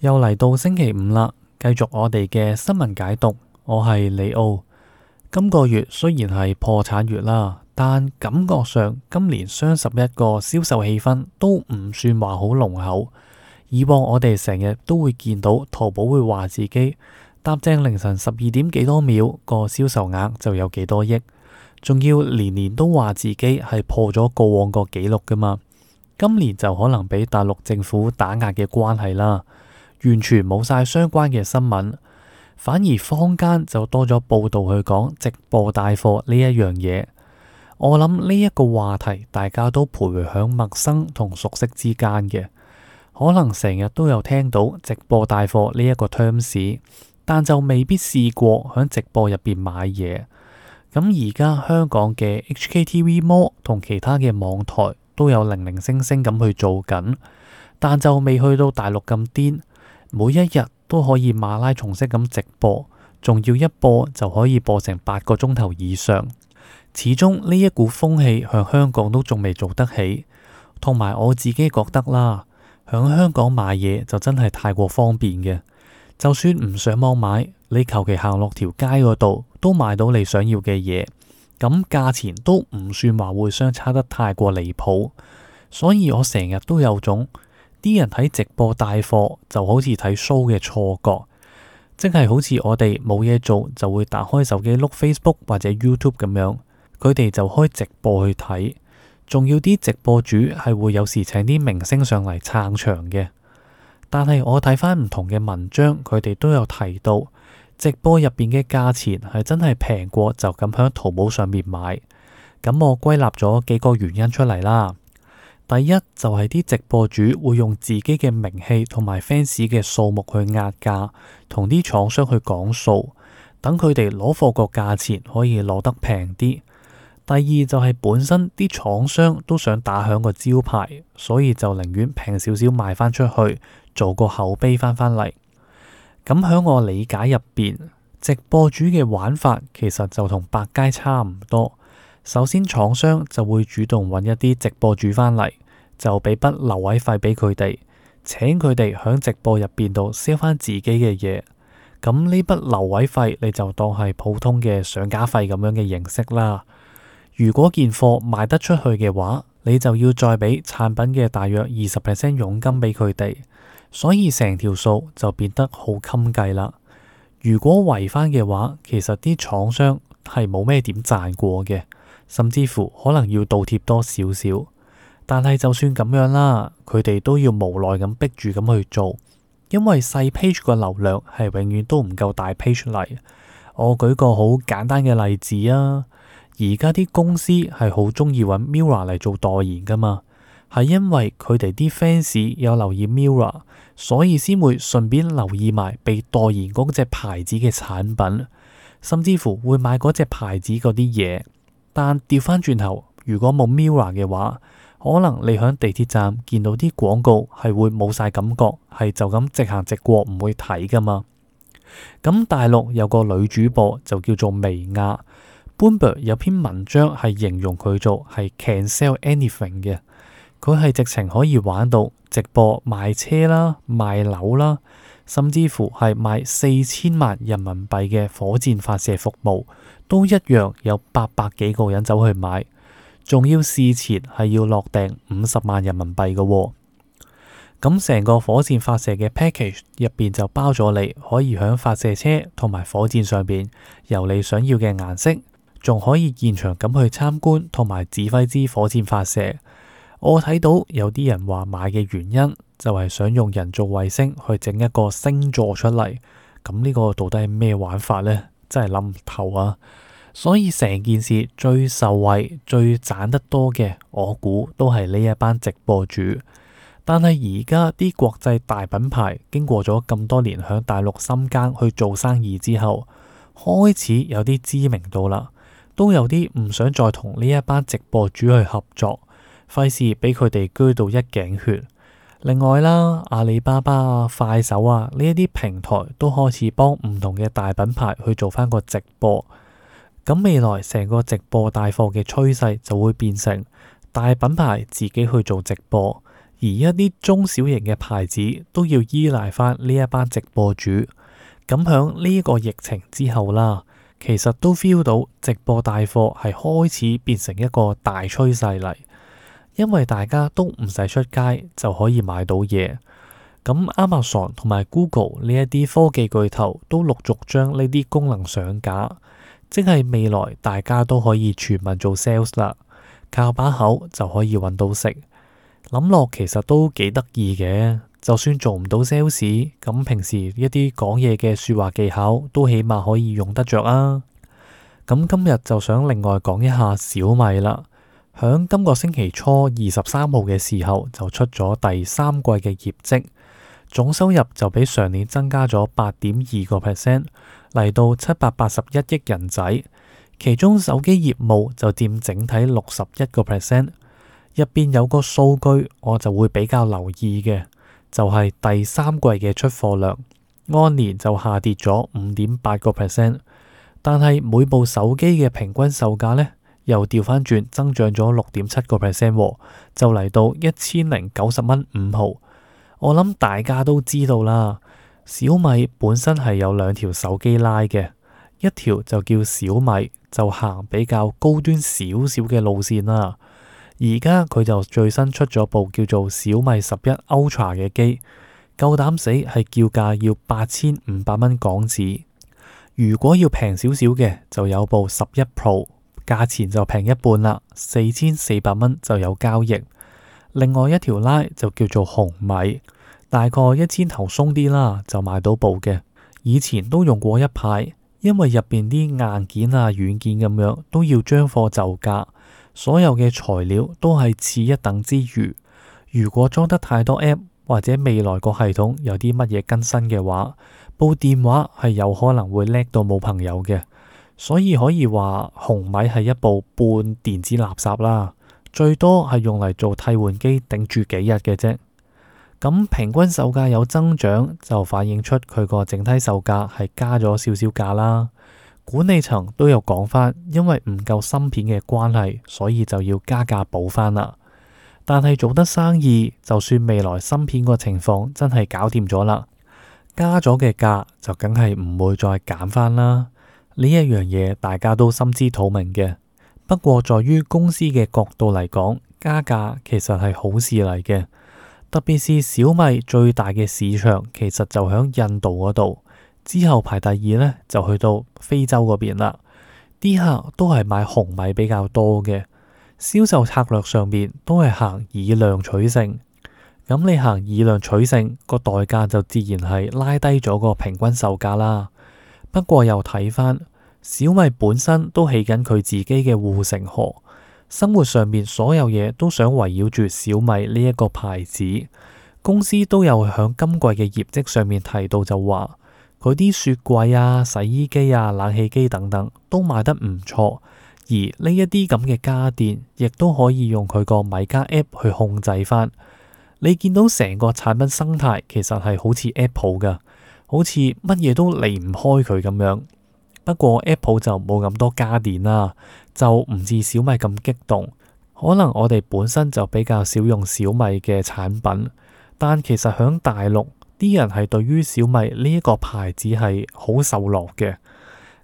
又嚟到星期五啦，繼續我哋嘅新聞解讀。我係李奧。今個月雖然係破產月啦，但感覺上今年雙十一個銷售氣氛都唔算話好濃厚。以往我哋成日都會見到淘寶會話自己，踏正凌晨十二點幾多秒個銷售額就有幾多億，仲要年年都話自己係破咗過往個記錄㗎嘛。今年就可能俾大陸政府打壓嘅關係啦。完全冇晒相關嘅新聞，反而坊間就多咗報道去講直播帶貨呢一樣嘢。我諗呢一個話題，大家都徘徊響陌生同熟悉之間嘅，可能成日都有聽到直播帶貨呢一個 terms，但就未必試過響直播入邊買嘢。咁而家香港嘅 HKTV Mall 同其他嘅網台都有零零星星咁去做緊，但就未去到大陸咁癲。每一日都可以馬拉松式咁直播，仲要一播就可以播成八個鐘頭以上。始終呢一股風氣向香港都仲未做得起，同埋我自己覺得啦，響香港買嘢就真係太過方便嘅。就算唔上網買，你求其行落條街嗰度都買到你想要嘅嘢，咁價錢都唔算話會相差得太過離譜。所以我成日都有種啲人睇直播帶貨就好似睇 show 嘅錯覺，即係好似我哋冇嘢做就會打開手機碌 Facebook 或者 YouTube 咁樣，佢哋就開直播去睇，仲要啲直播主係會有時請啲明星上嚟撐場嘅。但係我睇翻唔同嘅文章，佢哋都有提到直播入邊嘅價錢係真係平過就咁響淘寶上面買。咁我歸納咗幾個原因出嚟啦。第一就係啲直播主會用自己嘅名氣同埋 fans 嘅數目去壓價，同啲廠商去講數，等佢哋攞貨個價錢可以攞得平啲。第二就係本身啲廠商都想打響個招牌，所以就寧願平少少賣翻出去，做個口碑翻返嚟。咁響我理解入邊，直播主嘅玩法其實就同百佳差唔多。首先，廠商就會主動揾一啲直播主返嚟。就俾筆留位費俾佢哋，請佢哋響直播入邊度銷翻自己嘅嘢。咁呢筆留位費，你就當係普通嘅上架費咁樣嘅形式啦。如果件貨賣得出去嘅話，你就要再俾產品嘅大約二十 percent 佣金俾佢哋，所以成條數就變得好襟計啦。如果圍返嘅話，其實啲廠商係冇咩點賺過嘅，甚至乎可能要倒貼多少少。但係就算咁樣啦，佢哋都要無奈咁逼住咁去做，因為細 page 嘅流量係永遠都唔夠大 page 嚟。我舉個好簡單嘅例子啊，而家啲公司係好中意揾 MIRROR 嚟做代言噶嘛，係因為佢哋啲 fans 有留意 MIRROR，所以先會順便留意埋被代言嗰隻牌子嘅產品，甚至乎會買嗰隻牌子嗰啲嘢。但調翻轉頭，如果冇 MIRROR 嘅話，可能你喺地鐵站見到啲廣告係會冇晒感覺，係就咁直行直過唔會睇噶嘛。咁大陸有個女主播就叫做薇婭 Bloomberg 有篇文章係形容佢做係 can sell anything 嘅，佢係直情可以玩到直播賣車啦、賣樓啦，甚至乎係賣四千萬人民幣嘅火箭發射服務，都一樣有八百幾個人走去買。仲要事前係要落訂五十萬人民幣嘅。哦，咁成個火箭發射嘅 package 入邊就包咗你，可以響發射車同埋火箭上邊，由你想要嘅顏色，仲可以現場咁去參觀同埋指揮支火箭發射。我睇到有啲人話買嘅原因就係想用人造衛星去整一個星座出嚟，咁呢個到底係咩玩法呢？真係諗唔透啊！所以成件事最受惠、最賺得多嘅，我估都係呢一班直播主。但係而家啲國際大品牌經過咗咁多年喺大陸深耕去做生意之後，開始有啲知名度啦，都有啲唔想再同呢一班直播主去合作，費事俾佢哋居到一頸血。另外啦，阿里巴巴啊、快手啊呢一啲平台都開始幫唔同嘅大品牌去做翻個直播。咁未來成個直播帶貨嘅趨勢就會變成大品牌自己去做直播，而一啲中小型嘅牌子都要依賴翻呢一班直播主。咁響呢個疫情之後啦，其實都 feel 到直播帶貨係開始變成一個大趨勢嚟，因為大家都唔使出街就可以買到嘢。咁 Amazon 同埋 Google 呢一啲科技巨頭都陸續將呢啲功能上架。即係未來，大家都可以全民做 sales 啦，靠把口就可以搵到食。諗落其實都幾得意嘅，就算做唔到 sales，咁平時一啲講嘢嘅說話技巧都起碼可以用得着啊。咁今日就想另外講一下小米啦，響今個星期初二十三號嘅時候就出咗第三季嘅業績。總收入就比上年增加咗八點二個 percent，嚟到七百八十一億人仔，其中手機業務就佔整體六十一個 percent。入邊有個數據我就會比較留意嘅，就係第三季嘅出貨量，按年就下跌咗五點八個 percent，但係每部手機嘅平均售價呢，又調翻轉增長咗六點七個 percent，就嚟到一千零九十蚊五毫。我諗大家都知道啦，小米本身係有兩條手機拉嘅，一條就叫小米，就行比較高端少少嘅路線啦。而家佢就最新出咗部叫做小米十一 Ultra 嘅機，夠膽死係叫價要八千五百蚊港紙。如果要平少少嘅，就有部十一 Pro，價錢就平一半啦，四千四百蚊就有交易。另外一條拉就叫做紅米，大概一千頭鬆啲啦，就買到部嘅。以前都用過一排，因為入邊啲硬件啊、軟件咁樣都要將貨就價，所有嘅材料都係次一等之餘。如果裝得太多 App 或者未來個系統有啲乜嘢更新嘅話，部電話係有可能會叻到冇朋友嘅。所以可以話紅米係一部半電子垃圾啦。最多係用嚟做替換機頂住幾日嘅啫，咁平均售價有增長就反映出佢個整體售價係加咗少少價啦。管理層都有講翻，因為唔夠芯片嘅關係，所以就要加價補翻啦。但係做得生意，就算未來芯片個情況真係搞掂咗啦，加咗嘅價就梗係唔會再減返啦。呢一樣嘢大家都心知肚明嘅。不過，在於公司嘅角度嚟講，加價其實係好事嚟嘅，特別是小米最大嘅市場其實就響印度嗰度，之後排第二呢，就去到非洲嗰邊啦。啲客都係買紅米比較多嘅，銷售策略上面都係行以量取勝。咁你行以量取勝，個代價就自然係拉低咗個平均售價啦。不過又睇返。小米本身都起緊佢自己嘅護城河，生活上面所有嘢都想圍繞住小米呢一個牌子。公司都有響今季嘅業績上面提到就話，佢啲雪櫃啊、洗衣機啊、冷氣機等等都賣得唔錯。而呢一啲咁嘅家電亦都可以用佢個米家 app 去控制翻。你見到成個產品生態其實係好似 apple 㗎，好似乜嘢都離唔開佢咁樣。不過 Apple 就冇咁多家電啦，就唔似小米咁激動。可能我哋本身就比較少用小米嘅產品，但其實喺大陸啲人係對於小米呢一個牌子係好受落嘅。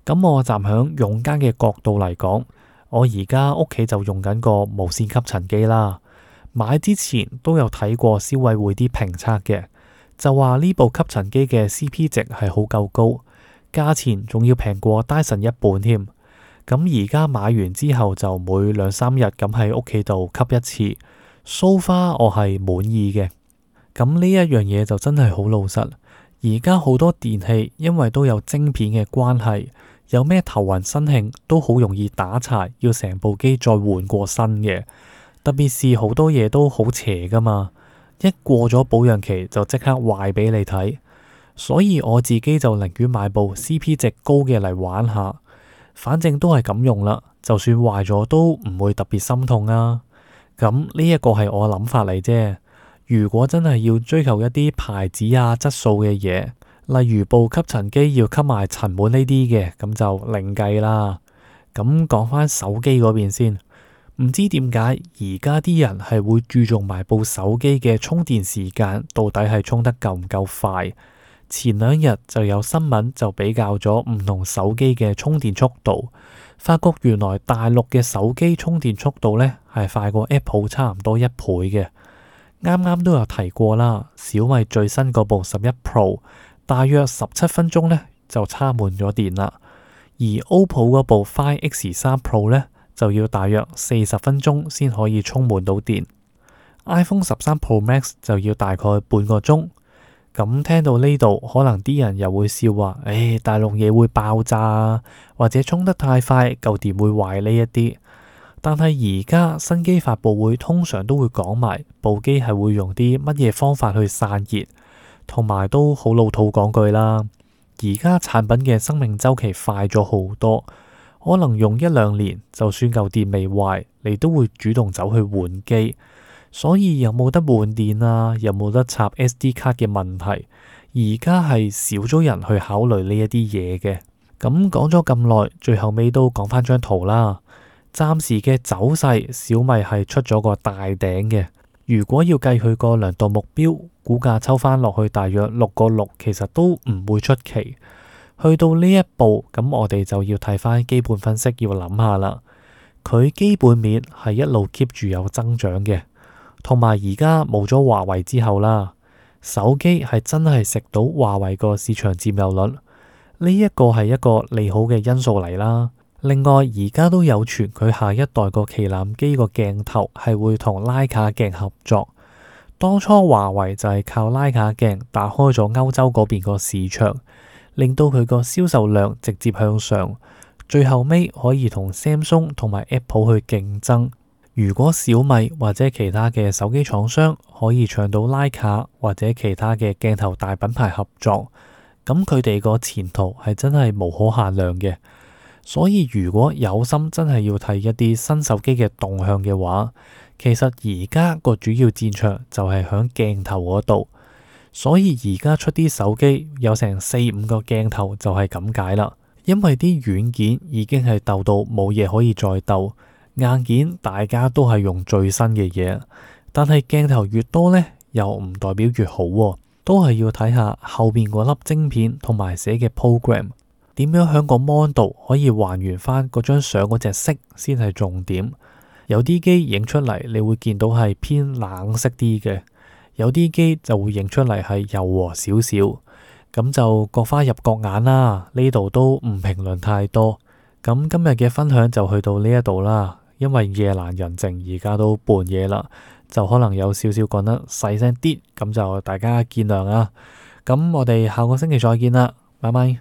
咁我站喺用家嘅角度嚟講，我而家屋企就用緊個無線吸塵機啦。買之前都有睇過消委會啲評測嘅，就話呢部吸塵機嘅 CP 值係好夠高。價錢仲要平過 Dyson 一半添，咁而家買完之後，就每兩三日咁喺屋企度吸一次，So far，我係滿意嘅。咁呢一樣嘢就真係好老實。而家好多電器因為都有晶片嘅關係，有咩頭暈身慶都好容易打柴，要成部機再換過新嘅。特別是好多嘢都好邪噶嘛，一過咗保養期就即刻壞俾你睇。所以我自己就寧願買部 C.P 值高嘅嚟玩下，反正都係咁用啦。就算壞咗都唔會特別心痛啊。咁呢一個係我諗法嚟啫。如果真係要追求一啲牌子啊、質素嘅嘢，例如部吸塵機要吸埋塵蟎呢啲嘅，咁就另計啦。咁講翻手機嗰邊先，唔知點解而家啲人係會注重埋部手機嘅充電時間，到底係充得夠唔夠快？前兩日就有新聞就比較咗唔同手機嘅充電速度，發覺原來大陸嘅手機充電速度呢係快過 Apple 差唔多一倍嘅。啱啱都有提過啦，小米最新嗰部十一 Pro 大約十七分鐘呢就充滿咗電啦，而 OPPO 嗰部 Find X 三 Pro 呢，就要大約四十分鐘先可以充滿到電，iPhone 十三 Pro Max 就要大概半個鐘。咁、嗯、聽到呢度，可能啲人又會笑話：唉、哎，大陸嘢會爆炸啊，或者充得太快，舊電會壞呢一啲。但係而家新機發布會通常都會講埋，部機係會用啲乜嘢方法去散熱，同埋都好老土講句啦。而家產品嘅生命周期快咗好多，可能用一兩年，就算舊電未壞，你都會主動走去換機。所以有冇得換電啊？有冇得插 SD 卡嘅問題？而家係少咗人去考慮呢一啲嘢嘅。咁講咗咁耐，最後尾都講翻張圖啦。暫時嘅走勢，小米係出咗個大頂嘅。如果要計佢個量度目標股價抽翻落去，大約六個六，其實都唔會出奇。去到呢一步，咁、嗯、我哋就要睇翻基本分析，要諗下啦。佢基本面係一路 keep 住有增長嘅。同埋而家冇咗華為之後啦，手機係真係食到華為個市場佔有率，呢一個係一個利好嘅因素嚟啦。另外而家都有傳佢下一代個旗艦機個鏡頭係會同徠卡鏡合作。當初華為就係靠徠卡鏡打開咗歐洲嗰邊個市場，令到佢個銷售量直接向上，最後尾可以同 Samsung 同埋 Apple 去競爭。如果小米或者其他嘅手機廠商可以搶到徠卡或者其他嘅鏡頭大品牌合作，咁佢哋個前途係真係無可限量嘅。所以如果有心真係要睇一啲新手機嘅動向嘅話，其實而家個主要戰場就係響鏡頭嗰度。所以而家出啲手機有成四五個鏡頭就係咁解啦，因為啲軟件已經係鬥到冇嘢可以再鬥。硬件大家都係用最新嘅嘢，但係鏡頭越多呢，又唔代表越好啊，都係要睇下後邊嗰粒晶片同埋寫嘅 program，點樣響個 mon 度可以還原翻嗰張相嗰隻色先係重點。有啲機影出嚟你會見到係偏冷色啲嘅，有啲機就會影出嚟係柔和少少，咁就各花入各眼啦。呢度都唔評論太多。咁今日嘅分享就去到呢一度啦。因為夜闌人靜，而家都半夜啦，就可能有少少講得細聲啲，咁就大家見諒啊！咁我哋下個星期再見啦，拜拜。